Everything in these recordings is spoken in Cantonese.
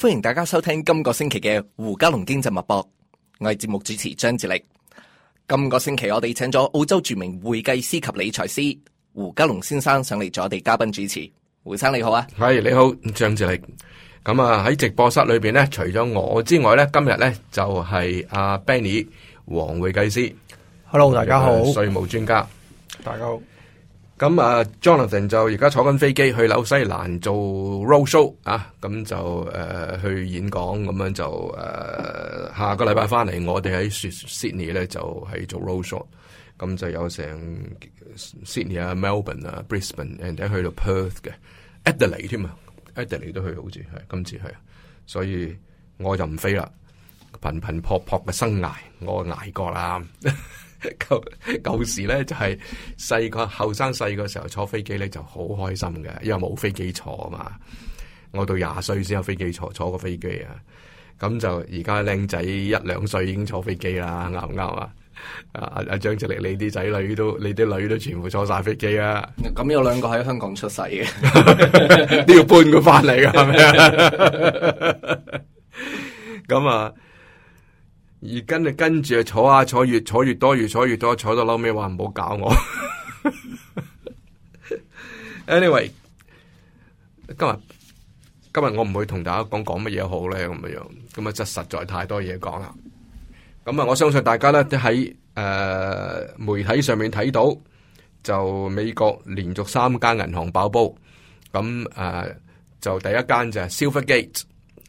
歡迎大家收聽今個星期嘅胡嘉龍經濟脈搏，我係節目主持張志力。今個星期我哋請咗澳洲著名會計師及理財師胡嘉龍先生上嚟做我哋嘉賓主持。胡生你好啊，係、hey, 你好張志力。咁啊喺直播室裏邊呢，除咗我之外呢，今日呢就係阿 Benny 黃會計師。Hello，大家好。Hello. 大家好，稅務專家，大家好。咁啊，Jonathan 就而家坐緊飛機去紐西蘭做 roadshow 啊，咁就誒去演講，咁樣就誒下個禮拜翻嚟，我哋喺 Sydney 咧就係做 roadshow，咁就有成 Sydney 啊、Melbourne 啊、Brisbane，人哋去到 Perth 嘅 Adelaide 添啊，Adelaide 都去好似係今次係，所以我就唔飛啦，頻頻撲撲嘅生涯我捱過啦。舊舊時咧就係細個後生細個時候坐飛機咧就好開心嘅，因為冇飛機坐啊嘛。我到廿歲先有飛機坐，坐過飛機啊。咁就而家靚仔一兩歲已經坐飛機啦，啱唔啱啊？阿阿張志玲你啲仔女都你啲女都全部坐晒飛機啊！咁有兩個喺香港出世嘅，都要搬佢翻嚟噶，係咪 啊？咁啊。而跟就跟住坐下坐越坐越，坐越多越坐越多坐到撈尾話唔好搞我。 Anyway，今日今日我唔會同大家講講乜嘢好咧咁嘅樣，咁啊真實在太多嘢講啦。咁啊我相信大家咧都喺誒、呃、媒體上面睇到，就美國連續三間銀行爆煲。咁、呃、就第一間就係 Silvergate。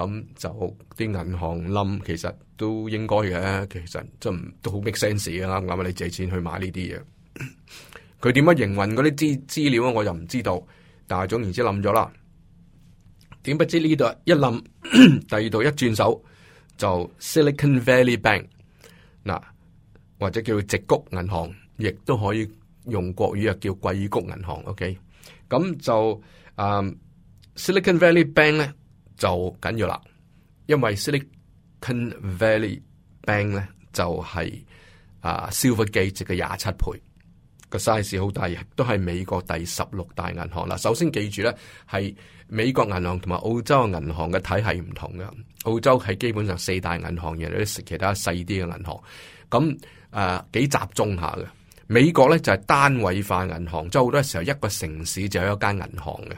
咁就啲銀行冧，其實都應該嘅，其實就唔都好 make sense 啦。咁啊，你借錢去買呢啲嘢，佢點樣營運嗰啲資資料啊？我就唔知道。但係總而言之冧咗啦。點不知呢度一冧，第二度一轉手就 Silicon Valley Bank 嗱，或者叫直谷銀行，亦都可以用國語啊叫硅谷銀行。OK，咁就啊，um，Silicon Valley Bank 咧。就緊要啦，因為 Silicon Valley Bank 咧就係啊 Silvergate 值嘅廿七倍，個 size 好大，亦都係美國第十六大銀行。嗱，首先記住咧，係美國銀行同埋澳洲銀行嘅體系唔同嘅。澳洲係基本上四大銀行，嘅其他細啲嘅銀行，咁誒、呃、幾集中下嘅。美國咧就係、是、單位化銀行，即係好多時候一個城市就有一間銀行嘅。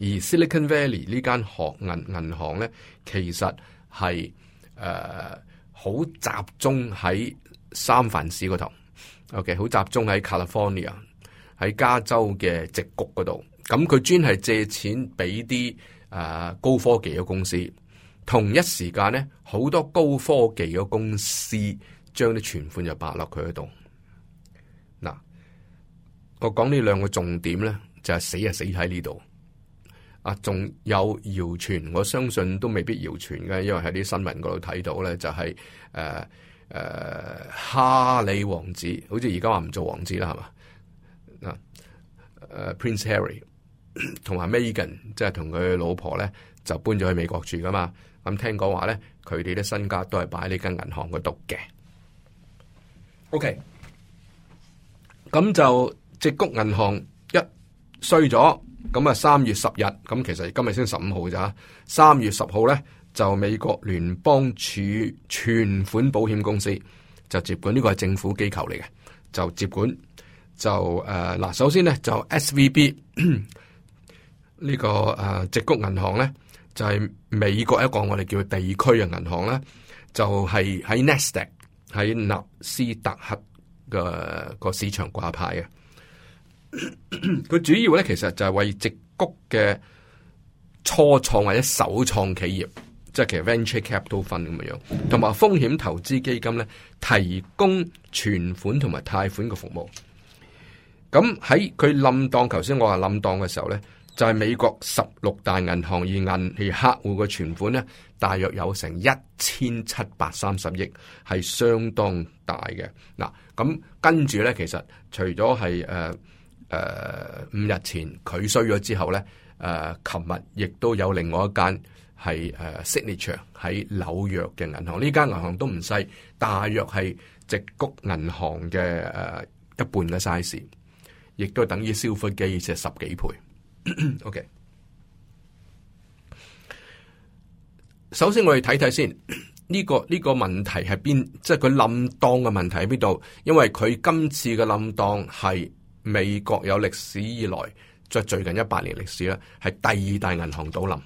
而 Silicon Valley 呢間銀銀行咧，其實係誒好集中喺三藩市嗰頭，OK 好集中喺 California 喺加州嘅矽谷嗰度。咁佢專係借錢俾啲誒高科技嘅公司，同一時間咧好多高科技嘅公司將啲存款就擺落佢嗰度。嗱，我講呢兩個重點咧，就係、是、死就死喺呢度。仲有謠傳，我相信都未必謠傳嘅，因為喺啲新聞嗰度睇到咧，就係誒誒，哈利王子，好似而家話唔做王子啦，係嘛？嗱、呃，誒 Prince Harry 同埋 Megan，即係同佢老婆咧，就搬咗去美國住噶嘛。咁聽講話咧，佢哋啲身家都係擺喺呢間銀行嗰度嘅。OK，咁就矽谷銀行一衰咗。咁啊，三月十日，咁其實今才15日先十五號咋？三月十號咧，就美國聯邦儲存款保險公司就接管，呢、這個政府機構嚟嘅，就接管就嗱、呃，首先咧就 S.V.B 呢、這個誒矽、呃、谷銀行咧，就係、是、美國一個我哋叫地區嘅銀行咧，就係喺 Nasdaq 喺納斯達克嘅、那個市場掛牌嘅。佢 主要咧，其實就係為直谷嘅初創或者首創企業，即係其實 Venture Capital Fund 咁樣樣，同埋風險投資基金咧，提供存款同埋貸款嘅服務。咁喺佢冧檔，頭先我話冧檔嘅時候咧，就係、是、美國十六大銀行以銀係客戶嘅存款咧，大約有成一千七百三十億，係相當大嘅。嗱，咁跟住咧，其實除咗係誒。呃誒、呃，五日前佢衰咗之後呢，誒、呃，琴日亦都有另外一間係誒、呃、，Signature 喺紐約嘅銀行，呢間銀行都唔細，大約係直谷銀行嘅誒、呃、一半嘅 size，亦都等於消費嘅意十幾倍咳咳。OK，首先我哋睇睇先，呢、這個呢、這個問題係邊，即係佢冧檔嘅問題喺邊度？因為佢今次嘅冧檔係。美國有歷史以來，即係最近一百年歷史啦，係第二大銀行倒冧。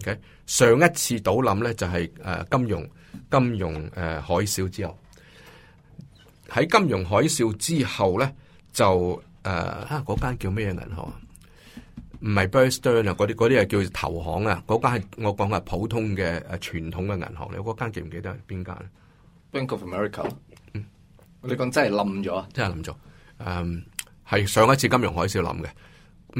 Okay? 上一次倒冧咧就係誒金融金融誒、呃、海嘯之後，喺金融海嘯之後咧就誒、呃、啊嗰間叫咩銀行？唔係 Bear Stearns 啊，嗰啲嗰啲係叫投行啊。嗰間係我講係普通嘅誒傳統嘅銀行。你嗰間記唔記得係邊間？Bank of America、嗯。我同你講真係冧咗，真係冧咗。嗯。係上一次金融海嘯冧嘅，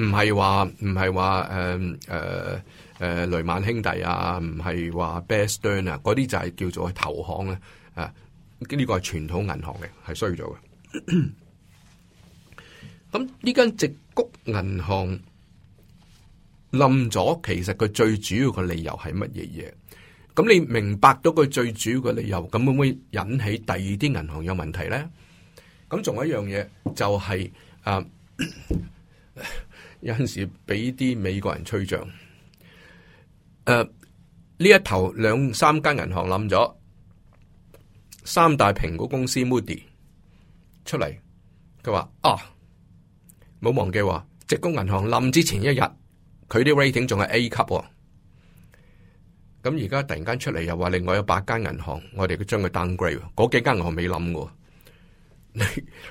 唔係話唔係話誒誒誒雷曼兄弟啊，唔係話 Bear Stearns 啊，嗰啲就係叫做投行咧啊，呢、啊這個係傳統銀行嘅係衰咗嘅。咁呢間矽谷銀行冧咗，其實佢最主要嘅理由係乜嘢嘢？咁你明白到佢最主要嘅理由，咁會唔會引起第二啲銀行有問題咧？咁仲有一樣嘢就係、是。啊、uh！ 有陣時俾啲美國人吹脹，誒，呢一頭兩三間銀行冧咗，三大評估公司 Moody 出嚟，佢話啊，冇忘記話，直工銀行冧之前一日，佢啲 rating 仲係 A 級，哦，咁而家突然間出嚟又話另外有八間銀行，我哋佢將佢 downgrade，嗰幾間銀行未冧嘅。 你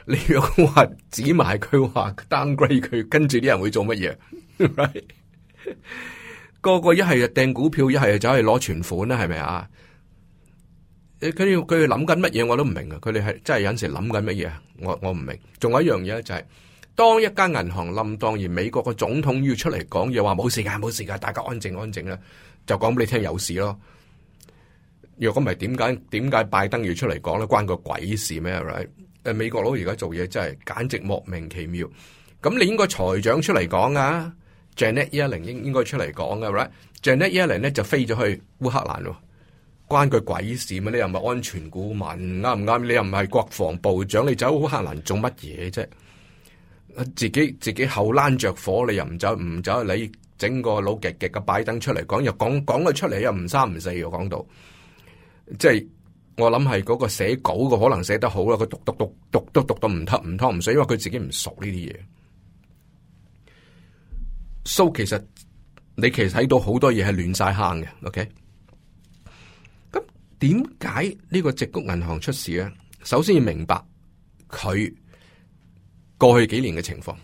你若話指埋佢話 downgrade 佢，跟住啲人會做乜嘢？Right? 個個一係啊，掟股票，一係就去攞存款啦，係咪啊？佢佢諗緊乜嘢我都唔明啊！佢哋係真係有陣時諗緊乜嘢？我我唔明。仲有一樣嘢咧，就係當一間銀行冧，當然美國個總統要出嚟講嘢，話冇事噶、啊，冇事噶、啊，大家安靜安靜啦，就講俾你聽有事咯。若果唔係，點解點解拜登要出嚟講咧？關個鬼事咩？right？誒美國佬而家做嘢真係簡直莫名其妙，咁你應該財長出嚟講啊，Janet Yellen 應該出嚟講噶、啊、啦、right?，Janet Yellen 咧就飛咗去烏克蘭喎、啊，關佢鬼事嘛？你又唔係安全顧問，啱唔啱？你又唔係國防部長，你走烏克蘭做乜嘢啫？自己自己後欄着火，你又唔走唔走？你整個老極極嘅拜登出嚟講又講講咗出嚟又唔三唔四又、啊、講到，即我諗係嗰個寫稿個可能寫得好啦，佢讀讀讀讀都讀到唔得唔湯唔水，因為佢自己唔熟呢啲嘢。So，其實你其實睇到好多嘢係亂晒坑嘅。OK，咁點解呢個矽谷銀行出事咧？首先要明白佢過去幾年嘅情況。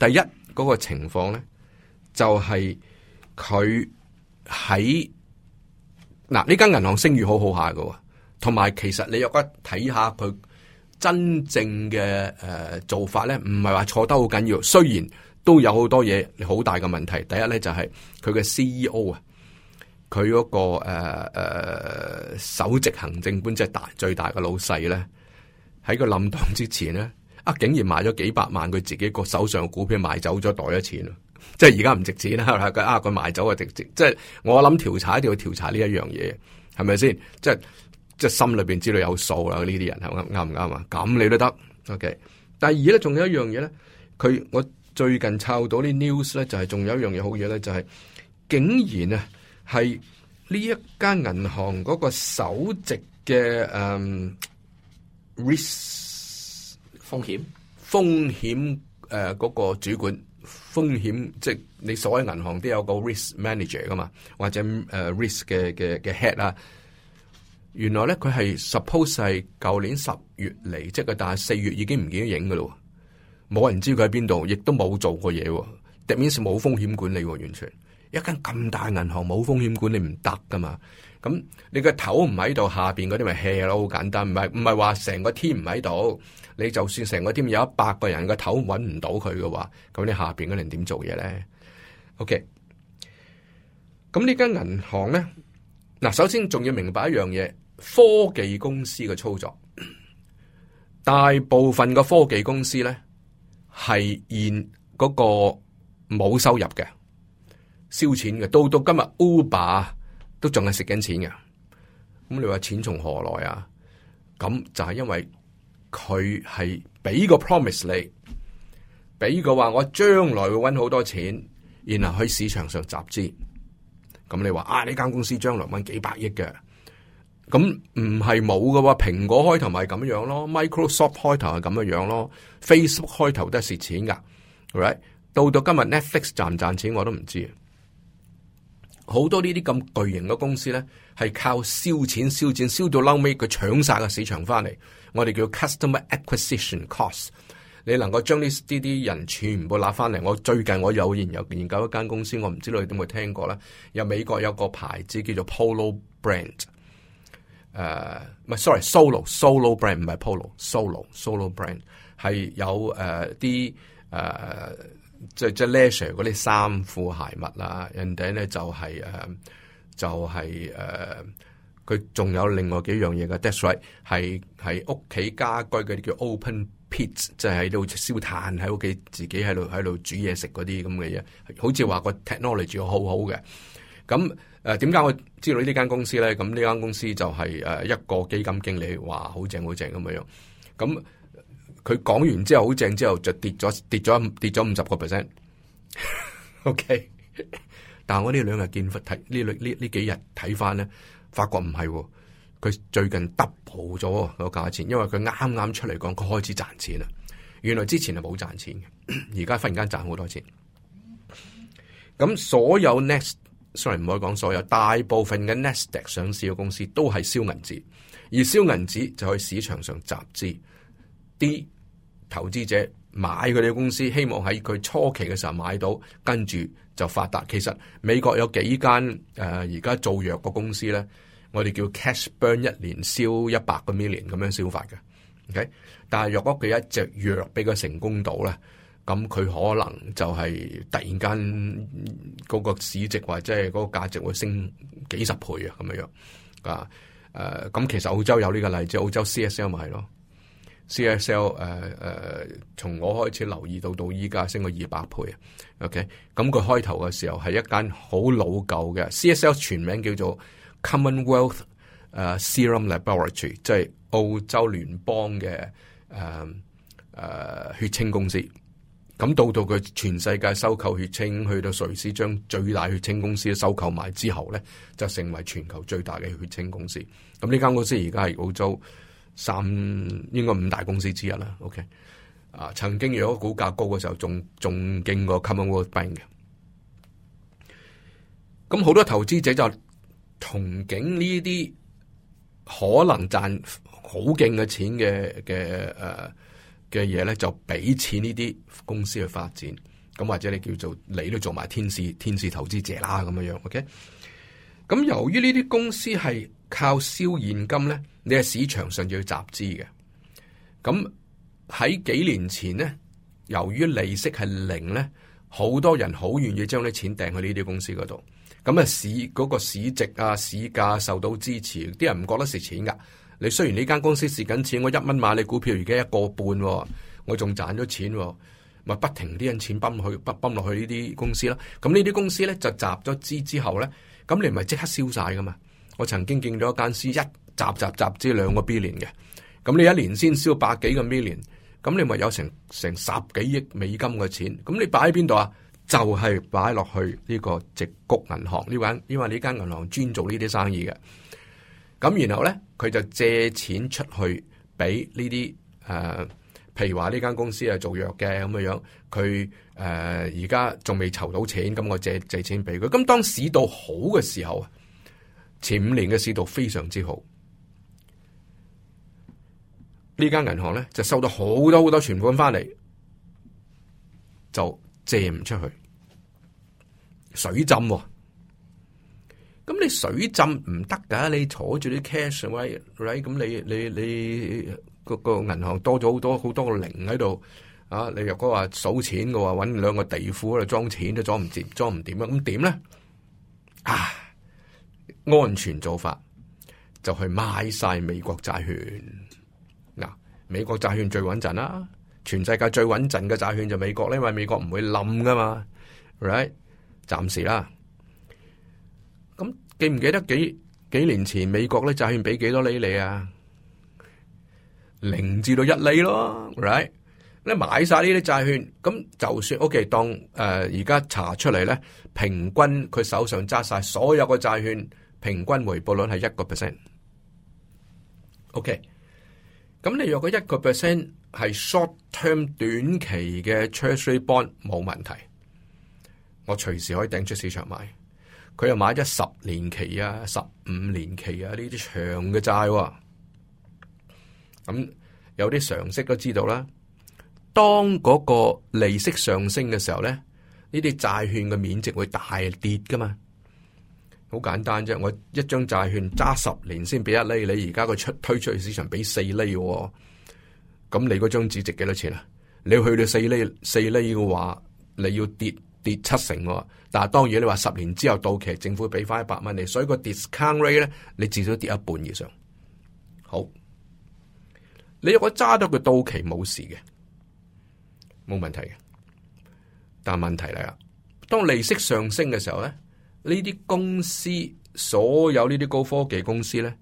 第一嗰個情況咧，就係佢喺。嗱，呢間銀行聲譽好好下喎。同埋其實你若果睇下佢真正嘅誒、呃、做法咧，唔係話錯得好緊要。雖然都有好多嘢好大嘅問題，第一咧就係、是、佢嘅 C E O 啊、嗰個，佢嗰個誒誒首席行政官即係大最大嘅老細咧，喺個冧檔之前咧，啊竟然買咗幾百萬佢自己個手上嘅股票賣走咗袋咗錢即係而家唔值錢啦，佢啊佢買走啊值值，即係我諗調查一定要調查呢一樣嘢，係咪先？即係即係心裏邊知道有數啦，呢啲人係唔啱唔啱啊？咁你都得，OK。第二咧，仲有一樣嘢咧，佢我最近抄到啲 news 咧，就係、是、仲有一樣嘢好嘢咧，就係、是、竟然啊，係呢一間銀行嗰個首席嘅誒、嗯、risk 風險險風險誒嗰個主管。風險，即係你所謂銀行都有個 risk manager 噶嘛，或者誒、uh, risk 嘅嘅嘅 head 啦、啊。原來咧佢係 suppose 係舊年十月離職嘅，但係四月已經唔見咗影噶咯，冇人知佢喺邊度，亦都冇做過嘢，that means 冇風險管理、哦、完全。一間咁大銀行冇風險管理唔得噶嘛？咁你個頭唔喺度，下邊嗰啲咪 hea 咯，好簡單。唔係唔係話成個 team 唔喺度，你就算成個 team 有一百個人個頭揾唔到佢嘅話，咁你下邊嗰啲人點做嘢咧？OK。咁呢間銀行咧，嗱，首先仲要明白一樣嘢，科技公司嘅操作，大部分嘅科技公司咧係現嗰個冇收入嘅。燒錢嘅，到到今日 Uber 都仲係蝕緊錢嘅，咁你話錢從何來啊？咁就係因為佢係俾個 promise 你，俾個話我將來會搵好多錢，然後去市場上集資。咁你話啊，呢間公司將來搵幾百億嘅，咁唔係冇嘅話，蘋果開頭咪咁樣咯，Microsoft 開頭係咁樣樣咯，Facebook 開頭都係蝕錢噶，right？到到今日 Netflix 賺唔賺錢我都唔知。好多呢啲咁巨型嘅公司咧，係靠燒錢、燒錢、燒到後尾佢搶晒個市場翻嚟。我哋叫 customer acquisition cost。你能夠將呢啲人全部拿翻嚟。我最近我有研有研究一間公司，我唔知道你有冇聽過啦。有美國有個牌子叫做 Polo Brand，誒，唔、uh, 係，sorry，Solo Solo Brand 唔係 Polo Solo Solo Brand 係有誒啲誒。Uh, 即係即係 leisure 嗰啲衫褲鞋襪啦，人哋咧就係、是、誒，就係、是、誒，佢、呃、仲有另外幾樣嘢嘅 That's right 係係屋企家居嘅啲叫 open pits，即係喺度燒炭喺屋企自己喺度喺度煮嘢食嗰啲咁嘅嘢，好似話個 technology 好好嘅。咁誒，點、呃、解我知道呢間公司咧？咁呢間公司就係誒一個基金經理話好正好正咁樣樣。咁佢講完之後好正，之後就跌咗跌咗跌咗五十個 percent。 OK，但係我兩呢兩日見忽睇呢呢呢幾日睇翻咧，發覺唔係，佢最近 double 咗個價錢，因為佢啱啱出嚟講，佢開始賺錢啦。原來之前係冇賺錢嘅，而家忽然間賺好多錢。咁所有 Nasdaq sorry 唔可以講所有，大部分嘅 Nasdaq 上市嘅公司都係燒銀紙，而燒銀紙就喺市場上集資。啲投資者買佢哋公司，希望喺佢初期嘅時候買到，跟住就發達。其實美國有幾間呃、而家做藥嘅公司咧，我哋叫 cash burn，一年燒一百個 million 咁樣消化嘅。OK，但係若果佢一隻藥俾佢成功到咧，咁佢可能就係突然間嗰個市值或者係嗰個價值會升幾十倍啊咁樣樣啊咁、呃、其實澳洲有呢個例子，澳洲 C S L 咪係咯。C.S.L. 誒、uh, uh, 從我開始留意到到依家升過二百倍啊！OK，咁佢開頭嘅時候係一間好老舊嘅 C.S.L. 全名叫做 Commonwealth、uh, Serum Laboratory，即係澳洲聯邦嘅誒誒血清公司。咁到到佢全世界收購血清，去到瑞士將最大血清公司收購埋之後咧，就成為全球最大嘅血清公司。咁呢間公司而家係澳洲。三應該五大公司之一啦，OK？啊，曾經如果股價高嘅時候，仲仲勁過 Commonwealth Bank 嘅。咁好多投資者就憧憬呢啲可能賺好勁嘅錢嘅嘅誒嘅嘢咧，就俾錢呢啲公司去發展。咁或者你叫做你都做埋天使，天使投資者啦，咁樣樣，OK？咁由於呢啲公司係靠燒現金咧，你係市場上要去集資嘅。咁喺幾年前咧，由於利息係零咧，好多人好願意將啲錢掟去呢啲公司嗰度。咁啊市嗰個市值啊市價、啊、受到支持，啲人唔覺得蝕錢噶。你雖然呢間公司蝕緊錢，我一蚊買你股票，而家一個半，我仲賺咗錢，咪不停啲人錢泵落去抌落去呢啲公司啦。咁呢啲公司咧就集咗資之後咧。咁你唔係即刻燒晒噶嘛？我曾經見咗一間司一集集集即兩個 billion 嘅，咁你一年先燒百幾個 million，咁你咪有成成十幾億美金嘅錢？咁你擺喺邊度啊？就係擺落去呢個直谷銀行呢間，因為呢間銀行專做呢啲生意嘅。咁然後咧，佢就借錢出去俾呢啲誒，譬如話呢間公司係做藥嘅咁樣樣，佢。誒，而家仲未籌到錢，咁我借借錢俾佢。咁當市道好嘅時候啊，前五年嘅市道非常之好，這家銀呢間銀行咧就收到好多好多存款翻嚟，就借唔出去，水浸、哦。咁你水浸唔得噶，你坐住啲 cash rate 咁，你你你、那個個銀行多咗好多好多個零喺度。啊！你若果話數錢嘅話，搵兩個地庫喺度裝錢都裝唔掂，裝唔掂啊！咁點咧？啊！安全做法就去買晒美國債券。嗱、啊，美國債券最穩陣啦，全世界最穩陣嘅債券就美國咧，因為美國唔會冧噶嘛，right？暫時啦。咁、啊、記唔記得幾幾年前美國咧債券俾幾多厘你啊？零至到一厘咯，right？你買晒呢啲債券，咁就算 OK，當誒而家查出嚟咧平均佢手上揸晒所有嘅債券，平均回報率係一個 percent。OK，咁你若果一個 percent 係 short term 短期嘅 treasury bond 冇問題，我隨時可以掟出市場買，佢又買咗十年期啊、十五年期啊呢啲長嘅債，啊，咁有啲常識都知道啦。當嗰個利息上升嘅時候咧，呢啲債券嘅面值會大跌噶嘛？好簡單啫，我一張債券揸十年先俾一厘，你而家個出推出去市場俾四厘，哦，咁你嗰張紙值幾多錢啊？你去到四厘四厘嘅話，你要跌跌七成，哦，但係當然你話十年之後到期政府俾翻一百蚊，你，所以個 discount rate 咧，你至少跌一半以上。好，你如果揸到佢到期冇事嘅。冇問題嘅，但問題嚟啦，當利息上升嘅時候咧，呢啲公司所有呢啲高科技公司咧，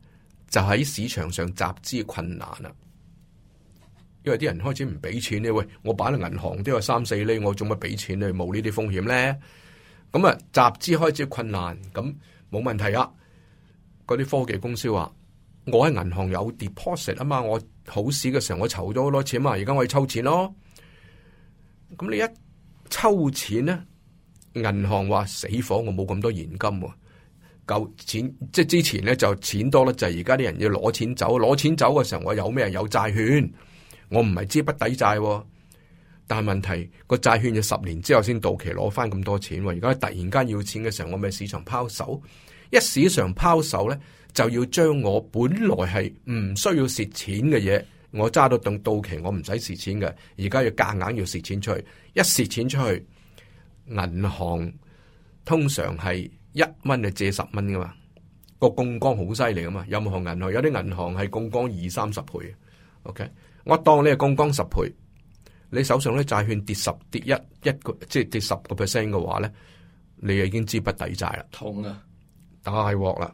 就喺市場上集資困難啦。因為啲人開始唔俾錢咧，喂，我擺喺銀行都有三四厘，我做乜俾錢咧？冇呢啲風險咧？咁啊，集資開始困難，咁冇問題啊？嗰啲科技公司話，我喺銀行有 deposit 啊嘛，我好市嘅時候我籌咗好多錢啊嘛，而家可以抽錢咯。咁你一抽錢咧，銀行話死火，我冇咁多現金喎，啊。錢即係之前咧就錢多啦，就而家啲人要攞錢走，攞錢走嘅時候我有咩？有債券，我唔係資不抵債，啊。但係問題個債券要十年之後先到期攞翻咁多錢，啊，而家突然間要錢嘅時候，我咪市場拋售。一市場拋售咧，就要將我本來係唔需要蝕錢嘅嘢。我揸到到到期我不用的，我唔使蝕錢嘅。而家要夾硬要蝕錢出去，一蝕錢出去，銀行通常係一蚊就借十蚊噶嘛。個槓桿好犀利噶嘛，任何銀行？有啲銀行係槓桿二三十倍。OK，我當你係槓桿十倍，你手上啲債券跌十跌一一個，即係跌十個 percent 嘅話咧，你就已經資不抵債啦。痛啊！大鑊啦！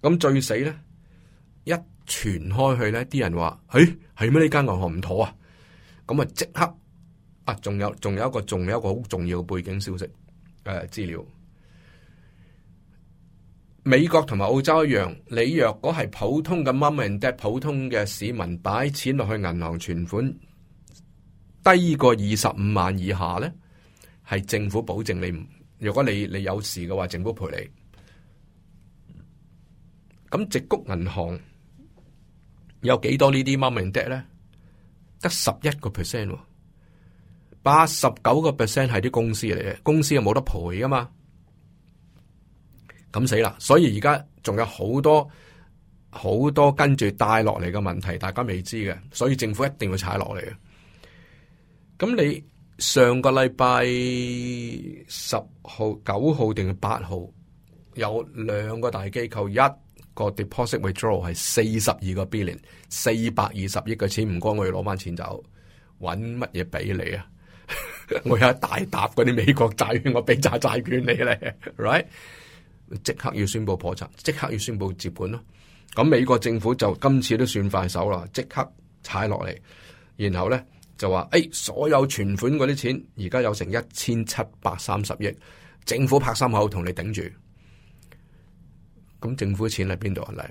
咁最死咧一。傳開去呢啲人話，嘿，係咩呢間銀行唔妥啊？咁啊，即刻啊！仲有，仲有一個，仲有一個好重要嘅背景消息誒，資、呃、料。美國同埋澳洲一樣，你若果係普通嘅 mom and dad，普通嘅市民擺錢落去銀行存款，低過二十五萬以下呢，係政府保證你。若果你你有事嘅話，政府賠你。咁直谷銀行。有幾多呢啲 mom and dad 咧？得十一個 percent，八十九個 percent 係啲公司嚟嘅，公司又冇得賠噶嘛？咁死啦！所以而家仲有好多好多跟住帶落嚟嘅問題，大家未知嘅，所以政府一定會踩落嚟嘅。咁你上個禮拜十號、九號定八號，有兩個大機構一。個 deposit withdrawal 係四十二個 billion，四百二十億嘅錢，唔該我要攞翻錢走，搵乜嘢俾你啊？ 我有一大沓嗰啲美國債券，我俾紮債券你咧，right？即 刻要宣佈破產，即刻要宣佈接管咯。咁美國政府就今次都算快手啦，即刻踩落嚟，然後咧就話誒、哎，所有存款嗰啲錢，而家有成一千七百三十億，政府拍心口同你頂住。咁政府錢喺邊度嚟？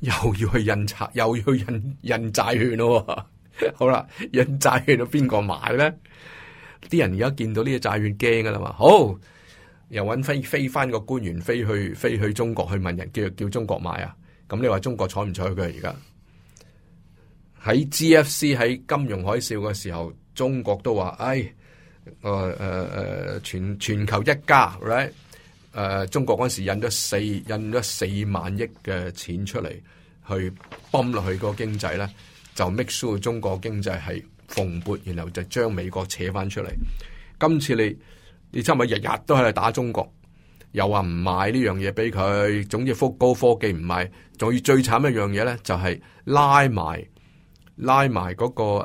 又要去印鈔，又要去印印債券咯。好啦，印債券到邊個 買咧？啲人而家見到呢個債券驚噶啦嘛？好，又揾飛飛翻個官員飛去飛去中國去問人，叫叫中國買啊！咁你話中國睬唔睬佢而家？喺 GFC 喺金融海嘯嘅時候，中國都話：哎，誒誒誒，全全球一家，right？誒、呃，中國嗰時印咗四印咗四萬億嘅錢出嚟，去泵落去個經濟咧，就 make sure 中國經濟係蓬勃，然後就將美國扯翻出嚟。今次你你差唔多日日都喺度打中國，又話唔賣呢樣嘢俾佢，總之福高科技唔賣，仲要最慘一樣嘢咧，就係、是、拉埋拉埋嗰，那個誒誒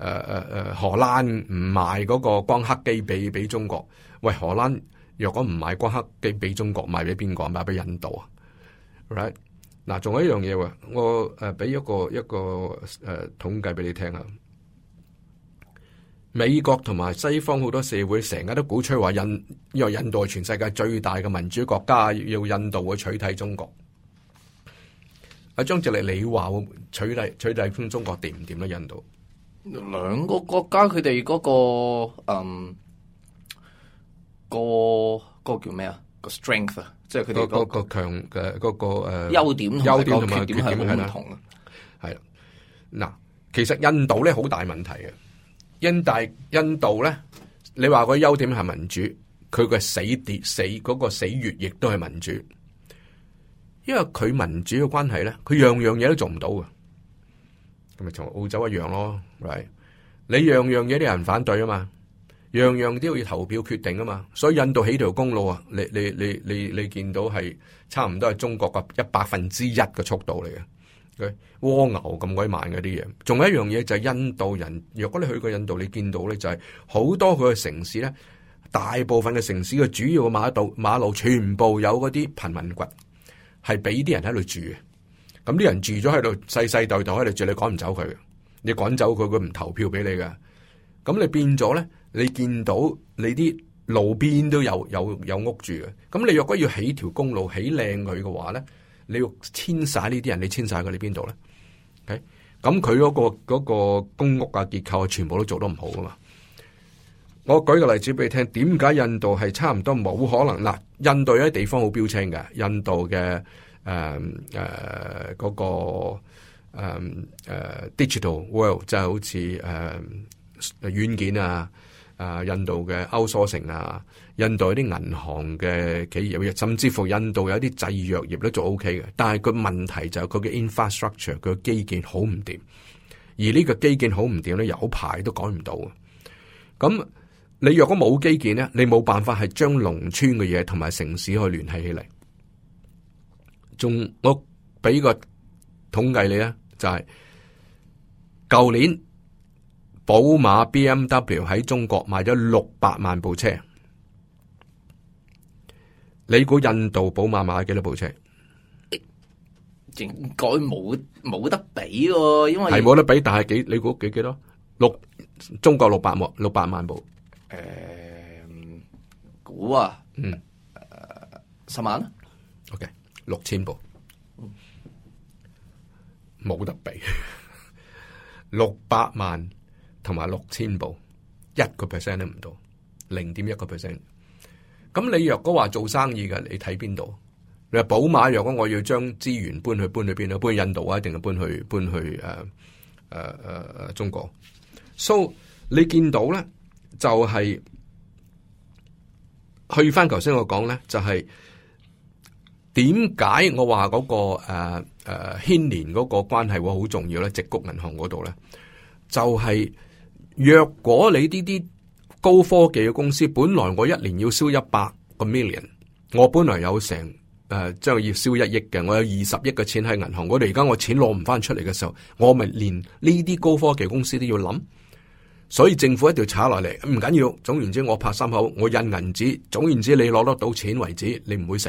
誒誒荷蘭唔賣嗰個光刻機俾俾中國，喂荷蘭。若果唔買光刻機俾中國，賣俾邊個？賣俾印度啊？Right？嗱，仲有一樣嘢喎，我誒俾一個一個誒統計俾你聽啊。美國同埋西方好多社會成日都鼓吹話印，因為印度係全世界最大嘅民主國家，要印度去取締中國。阿張哲麗，你話會取締取締翻中國掂唔掂咧？印度兩個國家佢哋嗰個嗯。個個叫咩啊？個 strength 啊，那個，即係佢哋個個強嘅嗰個誒，優、呃、點、點同埋缺點係唔同啊？係啦，嗱，其實印度咧好大問題嘅。印大印度咧，你話個優點係民主，佢嘅死跌死嗰、那個死穴亦都係民主，因為佢民主嘅關係咧，佢樣樣嘢都做唔到嘅。咁咪同澳洲一樣咯，係、right? 你樣樣嘢都有人反對啊嘛。樣樣都要投票決定啊嘛，所以印度起條公路啊，你，你你你你你見到係差唔多係中國嘅一百分之一嘅速度嚟嘅，蝸牛咁鬼慢嘅啲嘢。仲有一樣嘢就係印度人，若果你去過印度，你見到咧就係好多佢嘅城市咧，大部分嘅城市嘅主要嘅馬道馬路全部有嗰啲貧民窟，係俾啲人喺度住嘅。咁啲人住咗喺度，世世代代喺度住，你趕唔走佢，你趕走佢佢唔投票俾你噶。咁你變咗咧？你見到你啲路邊都有有有屋住嘅。咁你若果要起條公路起靚佢嘅話咧，你要遷晒呢啲人，你遷晒佢去邊度咧？OK，咁佢嗰個嗰個公屋啊結構啊，全部都做得唔好噶嘛。我舉個例子俾你聽，點解印度係差唔多冇可能嗱、啊？印度有啲地方好標青嘅，印度嘅誒誒嗰個誒、啊啊、digital world 就好似誒、啊、軟件啊。啊！印度嘅 outsourcing 啊，印度有啲銀行嘅企業，甚至乎印度有啲製藥業都做 OK 嘅，但係個問題就係佢嘅 infrastructure，佢嘅基建好唔掂，而呢個基建好唔掂咧，有排都改唔到。咁你若果冇基建咧，你冇辦法係將農村嘅嘢同埋城市去聯繫起嚟。仲我俾個統計你啊，就係舊年。寶馬 B M W 喺中國賣咗六百萬部車，你估印度寶馬買幾多部車？應該冇冇得比，啊，因為係冇得比，但係幾你估幾幾多？六中國六百萬六百萬部，誒、呃，估啊，嗯，十萬 OK 六千部，冇得比，六百萬。同埋六千部，一個 percent 都唔到，零點一個 percent。咁你若果話做生意嘅，你睇邊度？你話寶馬，若果我要將資源搬去搬去邊度？搬去印度啊搬去搬去啊，定係搬去搬去誒誒誒中國？So 你見到咧，就係、是、去翻頭先我講咧，就係點解我話嗰、那個誒誒牽連嗰個關係好重要咧？直谷銀行嗰度咧，就係、是。若果你呢啲高科技嘅公司本來我一年要燒一百個 million，我本來有成誒即係要燒一億嘅，我有二十億嘅錢喺銀行，我哋而家我錢攞唔翻出嚟嘅時候，我咪連呢啲高科技公司都要諗，所以政府一定要炒落嚟唔緊要，總言之我拍心口，我印銀紙，總言之你攞得到錢為止，你唔會死。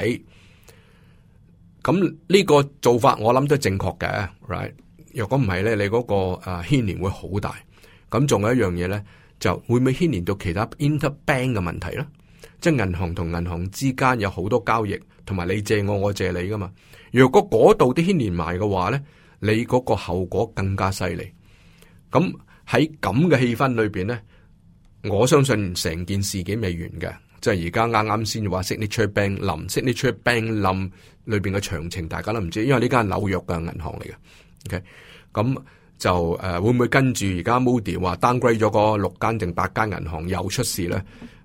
咁呢個做法我諗都正確嘅，right? 若果唔係咧，你嗰個誒牽連會好大。咁仲有一樣嘢咧，就會唔會牽連到其他 interbank 嘅問題咧？即係銀行同銀行之間有好多交易，同埋你借我，我借你噶嘛。若果嗰度都牽連埋嘅話咧，你嗰個後果更加犀利。咁喺咁嘅氣氛裏面咧，我相信成件事件未完嘅，即係而家啱啱先話 Signature Bank 冧，Signature Bank 冧裏面嘅詳情，大家都唔知，因為呢間係紐約嘅銀行嚟嘅。OK，咁。就誒會唔會跟住而家 Moody 話 downgrade 咗個六間定八間銀行又出事咧？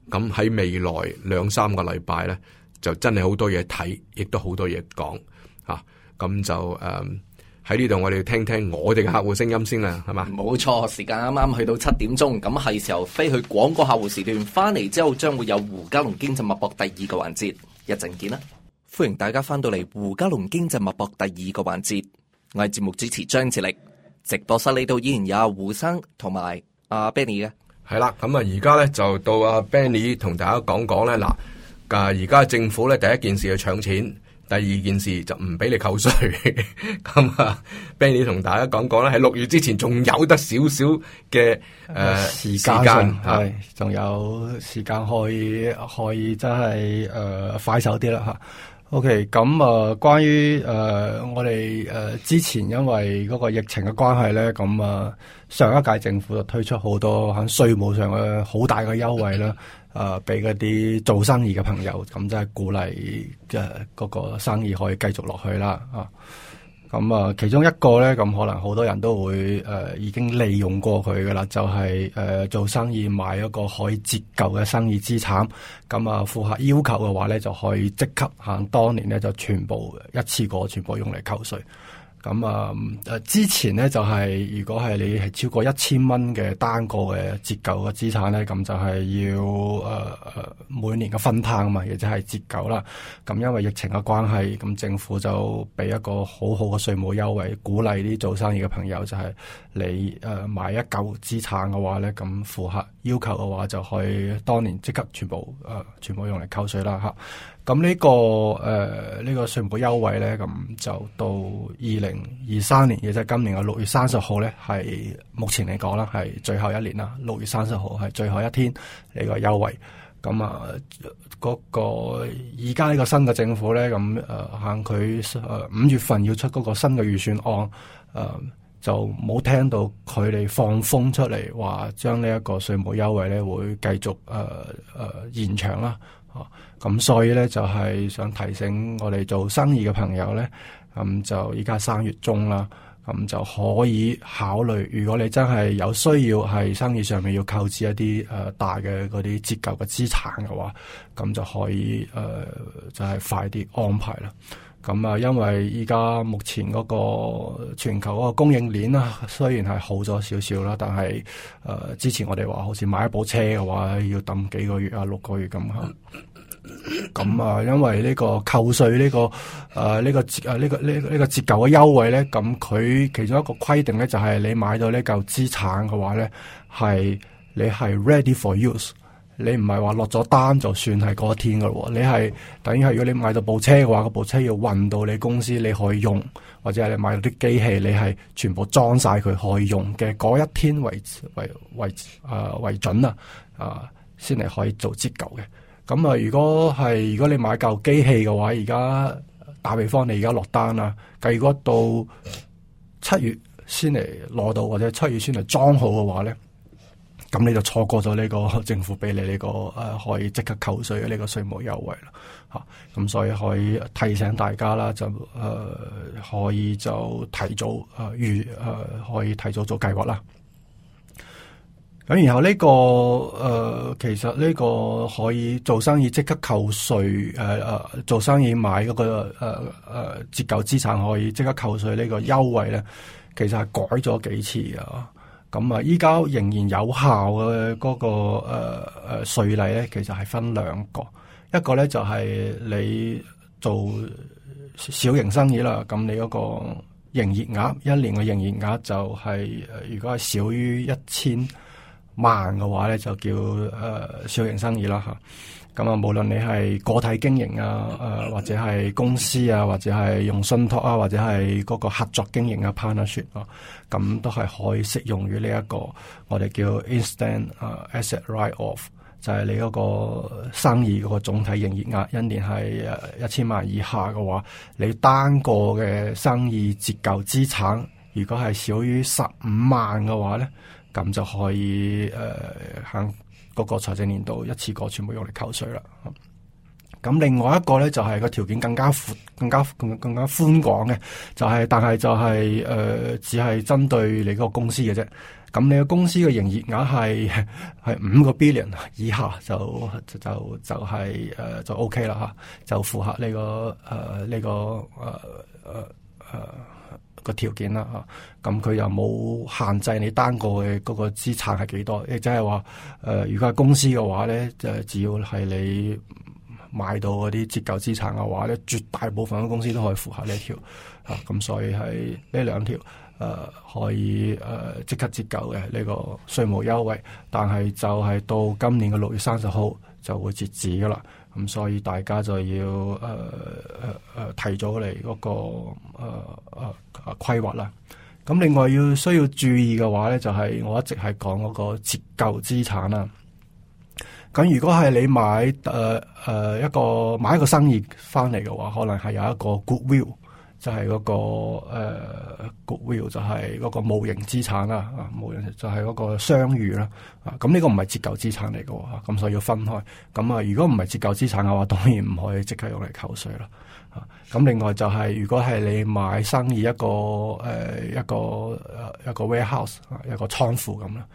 咁喺未來兩三個禮拜咧，就真係好多嘢睇，亦都好多嘢講吓。咁就誒喺呢度，啊、我哋要聽聽我哋嘅客戶聲音先啦，係嘛？冇錯，時間啱啱去到七點鐘，咁係時候飛去廣告客戶時段，翻嚟之後將會有胡嘉龍經濟脈搏第二個環節，一陣見啦！歡迎大家翻到嚟胡嘉龍經濟脈搏第二個環節，我係節目主持張志力。直播室呢度依然有胡生同埋阿 Benny 嘅，係啦，咁啊而家咧就到阿 Benny 同大家講講咧。嗱，而家政府咧第一件事要搶錢，第二件事就唔俾你扣稅，咁啊 Benny 同大家講講咧，喺六月之前仲有得少少嘅誒時間係，仲有時間可以可以真係誒快手啲啦吓。OK，咁啊，關於誒、啊，我哋誒、啊、之前因為嗰個疫情嘅關係咧，咁啊，上一屆政府就推出好多喺稅務上嘅好大嘅優惠啦，誒、啊，俾嗰啲做生意嘅朋友，咁即係鼓勵誒，嗰個生意可以繼續落去啦，啊。咁啊，其中一個呢，咁可能好多人都會誒、呃、已經利用過佢㗎啦，就係、是、誒、呃、做生意買一個可以折舊嘅生意資產，咁啊符合要求嘅話呢，就可以即刻行當年呢，就全部一次過全部用嚟扣稅。咁啊、嗯，之前咧就係、是，如果係你係超過一千蚊嘅單個嘅折舊嘅資產咧，咁就係要誒、呃、每年嘅分攤嘛，亦即係折舊啦。咁、嗯、因為疫情嘅關係，咁政府就俾一個好好嘅稅務優惠，鼓勵啲做生意嘅朋友就，就係你誒買一嚿資產嘅話咧，咁符合。要求嘅話，就可以當年即刻全部、啊、全部用嚟扣稅啦嚇。咁呢個誒呢、呃呢個稅務優惠咧，咁就到二零二三年，亦即係今年嘅六月三十號咧，係目前嚟講啦，係最後一年啦。六月三十號係最後一天呢個優惠。咁啊，嗰、嗰個而家呢個新嘅政府咧，咁誒佢五月份要出嗰個新嘅預算案、啊就冇聽到佢哋放風出嚟話將呢一個稅務優惠咧會繼續誒誒、呃呃、延長啦，咁、啊、所以咧就係、是、想提醒我哋做生意嘅朋友咧，咁、嗯、就依家三月中啦，咁、嗯、就可以考慮，如果你真係有需要系生意上面要購置一啲誒、呃、大嘅嗰啲折舊嘅資產嘅話，咁就可以誒、呃、就係、是、快啲安排啦。咁啊、嗯，因為依家目前嗰個全球嗰個供應鏈啦，雖然係好咗少少啦，但係誒、呃、之前我哋話好似買一部車嘅話，要等幾個月啊六個月咁吓。咁、嗯、啊、嗯嗯，因為呢個扣稅呢個誒呢個誒呢個呢呢個折舊嘅優惠咧，咁、嗯、佢其中一個規定咧就係、是、你買到個資呢嚿資產嘅話咧，係你係 ready for use。你唔係話落咗單就算係嗰一天噶咯，你係等於係如果你買到部車嘅話，部車要運到你公司，你可以用，或者係你買到啲機器，你係全部裝晒佢可以用嘅嗰一天為為為誒、呃、為準啊，先、呃、嚟可以做折舊嘅。咁、嗯、啊，如果係如果你買舊機器嘅話，而家打比方你而家落單啦，但如果到七月先嚟攞到，或者七月先嚟裝好嘅話咧？咁你就錯過咗呢個政府俾你呢個誒可以即刻扣稅嘅呢個稅務優惠啦吓、啊，咁所以可以提醒大家啦，就誒、呃、可以就提早誒預誒可以提早做計劃啦。咁然後呢、這個誒、呃、其實呢個可以做生意即刻扣稅誒誒做生意買嗰、那個誒誒折舊資產可以即刻扣稅呢個優惠咧，其實係改咗幾次嘅、啊。咁啊，依家仍然有效嘅嗰個誒誒稅例咧，其實係分兩個，一個咧就係你做小型生意啦，咁你嗰個營業額一年嘅營業額就係誒如果係少於一千萬嘅話咧，就叫誒小型生意啦吓。咁啊，無論你係個體經營啊，誒、呃、或者係公司啊，或者係用信託啊，或者係嗰個合作經營啊，partnership 啊，咁都係可以適用於呢一個我哋叫 instant 啊 asset write off，就係你嗰個生意嗰個總體營業額一年係一千萬以下嘅話，你單個嘅生意折舊資產如果係少於十五萬嘅話咧，咁就可以誒、呃、行個個財政年度一次過全部用嚟扣稅啦。咁另外一個咧就係、是、個條件更加闊、更加、更、更加寬廣嘅，就係、是、但係就係、是、誒、呃，只係針對你個公司嘅啫。咁你個公司嘅營業額係係五個 billion 以下就就就係誒、就是呃、就 OK 啦吓，就符合呢個誒呢、呃這個誒誒誒。呃呃呃個條件啦嚇，咁、啊、佢又冇限制你單個嘅嗰個資產係幾多，亦即係話，誒、呃、如果係公司嘅話咧，就係只要係你買到嗰啲折舊資產嘅話咧，絕大部分嘅公司都可以符合呢一條嚇，咁、啊、所以喺呢兩條誒、啊、可以誒即、啊、刻折舊嘅呢個稅務優惠，但係就係到今年嘅六月三十號。就會截止噶啦，咁所以大家就要誒誒誒提早嚟嗰，那個誒誒誒規劃啦。咁、呃呃呃、另外要需要注意嘅話咧，就係、是、我一直係講嗰個折舊資產啦。咁如果係你買誒誒、呃呃、一個買一個生意翻嚟嘅話可能係有一個 goodwill。就係嗰、那個誒、uh，goodwill 就係嗰個無形資產啦，啊，無形就係、是、嗰個商譽啦，啊，咁呢個唔係折舊資產嚟嘅喎，咁所以要分開。咁啊，如果唔係折舊資產嘅話，當然唔可以即刻用嚟扣稅啦。啊，咁另外就係、是、如果係你買生意一個誒、uh, 一個誒、uh, 一個 warehouse 啊，一個倉庫咁啦。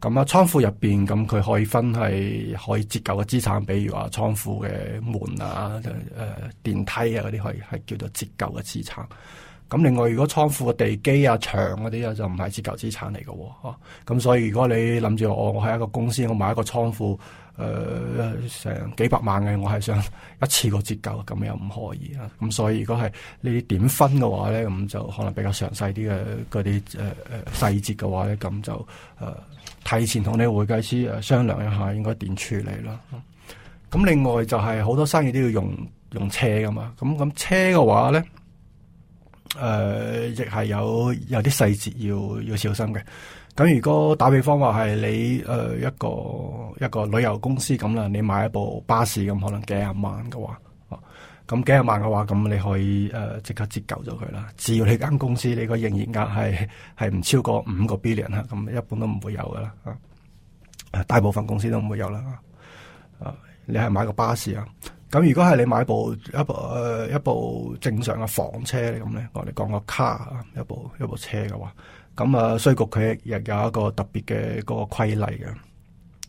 咁啊，倉庫入面，咁，佢可以分係可以折舊嘅資產，比如話倉庫嘅門啊、誒、呃、電梯啊嗰啲，可以係叫做折舊嘅資產。咁另外，如果倉庫嘅地基啊、牆嗰啲啊，就唔係折舊資產嚟嘅喎，咁所以如果你諗住、哦、我我係一個公司，我買一個倉庫，誒、呃、成幾百萬嘅，我係想一次過折舊，咁又唔可以啊。咁所以如果係你啲點分嘅話咧，咁就可能比較詳細啲嘅嗰啲細節嘅話咧，咁就、呃提前同你會計師，誒，商量一下應該點處理啦。咁另外就係好多生意都要用用車㗎嘛。咁咁車嘅話咧，誒亦係有有啲細節要要小心嘅。咁如果打比方話係你誒、呃、一個一個旅遊公司咁啦，你買一部巴士咁可能幾十萬嘅話。啊咁幾廿萬嘅話咁你可以誒即刻折舊咗佢啦。只要你間公司你個營業額，係係唔超過五個 billion 啊，咁一般都唔會有噶啦啊！大部分公司都唔會有啦啊！你係買個巴士啊？咁如果係你買部一部誒一、呃、一部正常嘅房車咧咁咧，我哋講個卡一部一部車嘅話咁啊，稅局佢亦有一個特別嘅個規例嘅。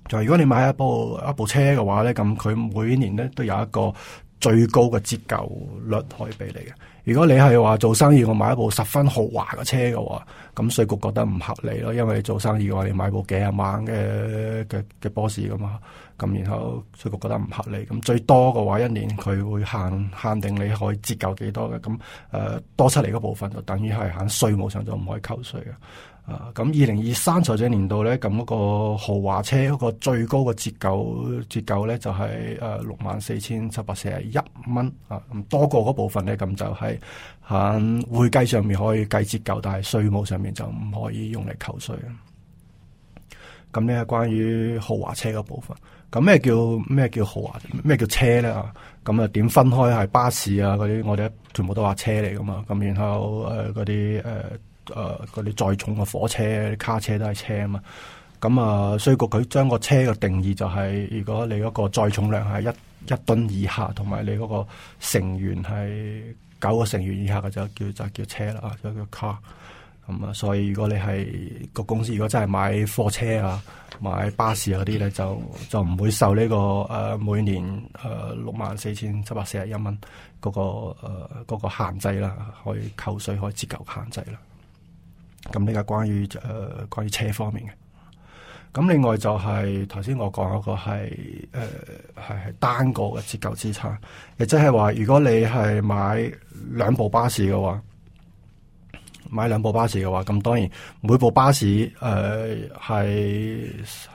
就如果你買一部一部車嘅話咧，咁佢每年咧都有一個最高嘅折舊率可以俾你嘅。如果你係話做生意，我買一部十分豪華嘅車嘅話，咁稅局覺得唔合理咯。因為你做生意嘅話，你買部幾廿萬嘅嘅嘅波士㗎嘛。咁然後稅局覺得唔合理。咁最多嘅話，一年佢會限限定你可以折舊幾多嘅。咁誒、呃、多出嚟嗰部分就等於係喺稅務上就唔可以扣稅嘅。咁二零二三財政年度咧，咁、那、嗰個豪華車嗰個最高嘅折舊折舊咧，就係誒六萬四千七百四十一蚊啊，咁多過嗰部分咧，咁就係喺會計上面可以計折舊，但係稅務上面就唔可以用嚟扣稅。咁呢，關於豪華車嗰部分，咁咩叫咩叫豪華咩叫車咧啊？咁啊，點分開係巴士啊嗰啲？我哋全部都話車嚟噶嘛？咁然後誒嗰啲誒。呃誒，嗰啲載重嘅火車、啲卡車都係車啊嘛，咁、嗯、啊，所以局佢將個車嘅定義就係、是，如果你嗰個載重量係一一噸以下，同埋你嗰個成員係九個成員以下嘅，就叫就叫車啦啊，就叫卡。咁、嗯、啊，所以如果你係個公司，如果真係買貨車啊、買巴士嗰啲咧，就就唔會受呢、這個誒、呃、每年誒六萬四千七百四十一蚊嗰個誒嗰、呃那個限制啦，可以扣稅，可以折舊限制啦。咁呢個關於誒、呃、關於車方面嘅，咁另外就係頭先我講嗰個係誒係係單個嘅折舊資產，亦即係話如果你係買兩部巴士嘅話，買兩部巴士嘅話，咁當然每部巴士誒係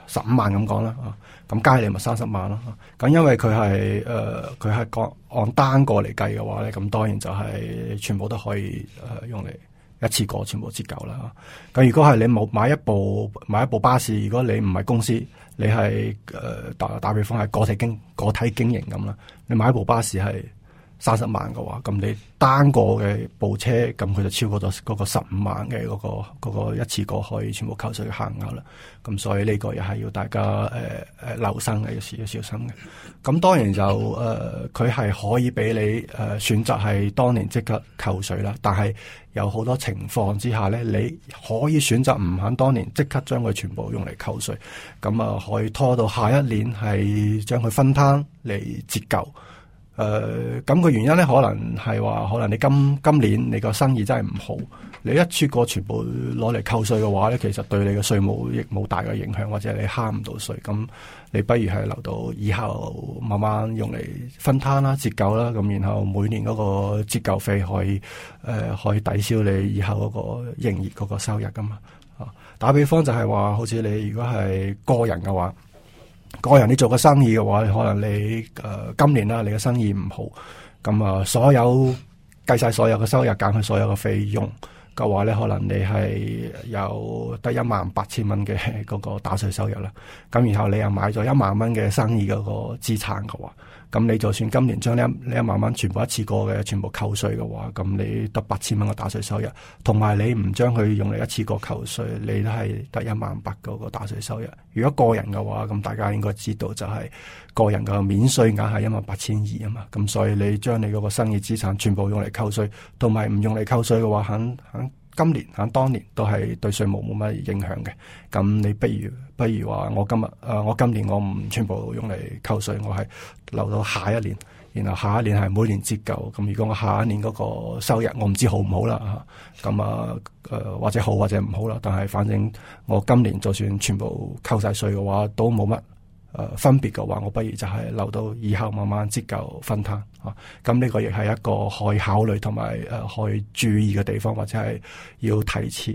十五萬咁講啦，啊，咁加起嚟咪三十萬咯，咁、啊、因為佢係誒佢係按單個嚟計嘅話咧，咁當然就係全部都可以誒、呃、用嚟一次過全部折夠啦，咁如果係你冇買一部買一部巴士，如果你唔係公司，你係誒打打比方係個體經個體經營咁啦，你買一部巴士係三十萬嘅話，咁你單個嘅部車，咁佢就超過咗嗰個十五萬嘅嗰、嗰個嗰個一次過可以全部扣稅嘅限額啦。咁所以呢個又係要大家誒、呃、留心嘅，要少少小心嘅。咁當然就誒，佢、呃、係可以俾你誒、呃、選擇係當年即刻扣稅啦。但係有好多情況之下咧，你可以選擇唔肯當年即刻將佢全部用嚟扣稅，咁啊可以拖到下一年係將佢分攤嚟折舊。誒，咁個、呃、原因咧，可能係話，可能你今今年你個生意真係唔好，你一出過全部攞嚟扣稅嘅話咧，其實對你嘅稅務亦冇大嘅影響，或者你慳唔到稅，咁你不如係留到以後慢慢用嚟分攤啦、折舊啦，咁然後每年嗰個折舊費可以誒、呃，可以抵消你以後嗰個營業嗰個收入噶嘛？啊，打比方就係話，好似你如果係個人嘅話。個人你做個生意嘅話，可能你誒、呃、今年啊，你嘅生意唔好，咁啊所有計晒所有嘅收入減去所有嘅費用嘅話咧，可能你係有得一萬八千蚊嘅嗰個打稅收入啦。咁然後你又買咗一萬蚊嘅生意嘅個資產嘅話。咁你就算今年將呢一呢一萬蚊全部一次過嘅，全部扣稅嘅話，咁你得八千蚊嘅打稅收入，同埋你唔將佢用嚟一次過扣稅，你都係得一萬八嘅個打稅收入。如果個人嘅話，咁大家應該知道就係個人嘅免稅額係一萬八千二啊嘛，咁所以你將你嗰個生意資產全部用嚟扣稅，同埋唔用嚟扣稅嘅話，肯肯。今年當年都係對稅務冇乜影響嘅。咁你不如不如話，我今日我今年我唔全部用嚟扣稅，我係留到下一年。然後下一年係每年折舊。咁如果我下一年嗰個收入我不好不好，我唔知好唔好啦嚇，咁啊，或者好或者唔好啦。但係反正我今年就算全部扣晒稅嘅話，都冇乜誒分別嘅話，我不如就係留到以後慢慢折舊分攤咁呢、啊、個亦係一個可以考慮同埋誒可以注意嘅地方，或者係要提前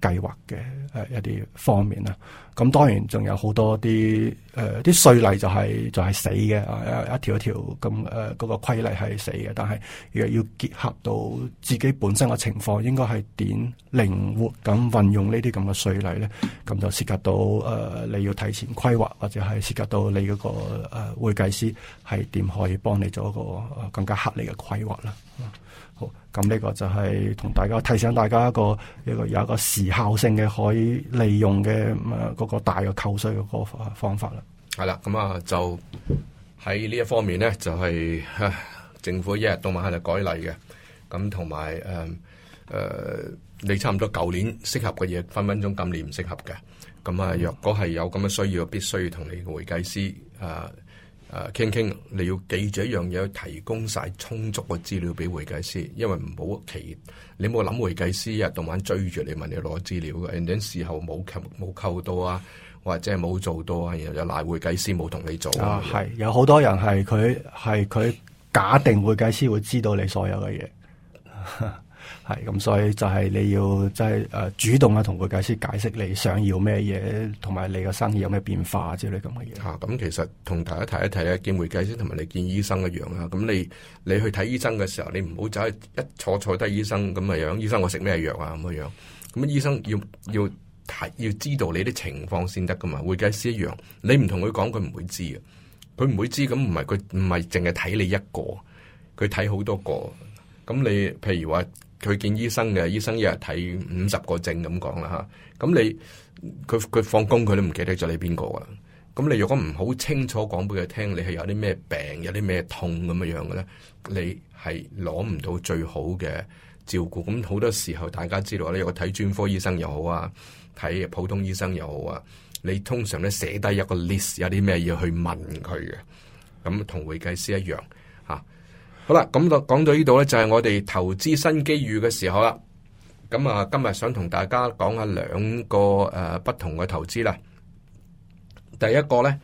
計劃嘅誒一啲方面啦。咁、啊、當然仲有好多啲誒啲稅例就係、是、就係、是、死嘅，一條一條一條咁誒嗰個規例係死嘅。但係如果要結合到自己本身嘅情況，應該係點靈活咁運用呢啲咁嘅稅例咧？咁就涉及到誒、呃、你要提前規劃，或者係涉及到你嗰、那個誒、呃、會計師係點可以幫你做一個更加合理嘅規劃啦。好，咁呢個就係同大家提醒大家一個一個有一個時效性嘅可以利用嘅咁嗰個大嘅扣稅嘅個方法啦。係啦，咁啊就喺呢一方面咧，就係、是、政府一日到晚喺度改例嘅。咁同埋誒誒，你差唔多舊年適合嘅嘢，分分鐘今年唔適合嘅。咁啊，若果係有咁嘅需要，必須要同你嘅會計師啊。呃誒傾傾，uh, King King, 你要記住一樣嘢，提供晒充足嘅資料俾會計師，因為唔好企，你冇諗會計師啊，當晚追住你問你攞資料嘅，人陣時候冇扣冇扣到啊，或者冇做到啊，然後又賴會計師冇同你做啊，係、嗯、有好多人係佢係佢假定會計師會知道你所有嘅嘢。 係咁，所以就係你要即係誒，主動啊同會計師解釋你想要咩嘢，同埋你嘅生意有咩變化之類咁嘅嘢。啊，咁其實同大家睇一睇咧，見會計師同埋你見醫生一樣啦。咁你你去睇醫生嘅時候，你唔好就係一坐坐低醫生咁嘅樣。醫生，我食咩藥啊？咁嘅樣。咁啊，醫生要要睇，要知道你啲情況先得噶嘛。會計師一樣，你唔同佢講，佢唔會知嘅。佢唔會知，咁唔係佢唔係淨係睇你一個，佢睇好多個。咁你譬如話佢見醫生嘅，醫生一日睇五十個症咁講啦吓。咁你佢佢放工佢都唔記得咗你邊個噶。咁你如果唔好清楚講俾佢聽，你係有啲咩病，有啲咩痛咁樣樣嘅，咧，你係攞唔到最好嘅照顧。咁好多時候大家知道咧，有個睇專科醫生又好啊，睇普通醫生又好啊，你通常咧寫低一個 list，有啲咩嘢去問佢嘅。咁同會計師一樣吓。好啦，咁講到這呢度咧，就係、是、我哋投資新機遇嘅時候啦。咁啊，今日想同大家講下兩個誒、呃、不同嘅投資啦。第一個咧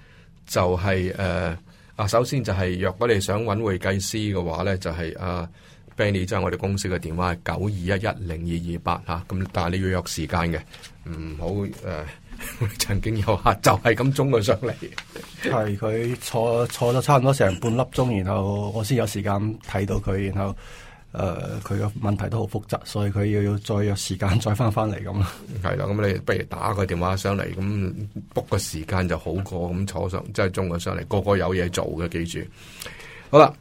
就係誒啊，首先就係若果你想揾會計師嘅話咧，就係、是、阿、啊、Benny，即係我哋公司嘅電話係九二一一零二二八吓。咁、啊、但係你要約時間嘅，唔好誒。呃 曾經有客就係咁鐘佢上嚟，係佢坐坐咗差唔多成半粒鐘，然後我先有時間睇到佢，然後誒佢嘅問題都好複雜，所以佢要要再約時間再翻翻嚟咁。係啦，咁你不如打個電話上嚟，咁 book 個時間就好過咁坐上，即係鐘佢上嚟，個個有嘢做嘅，記住好啦。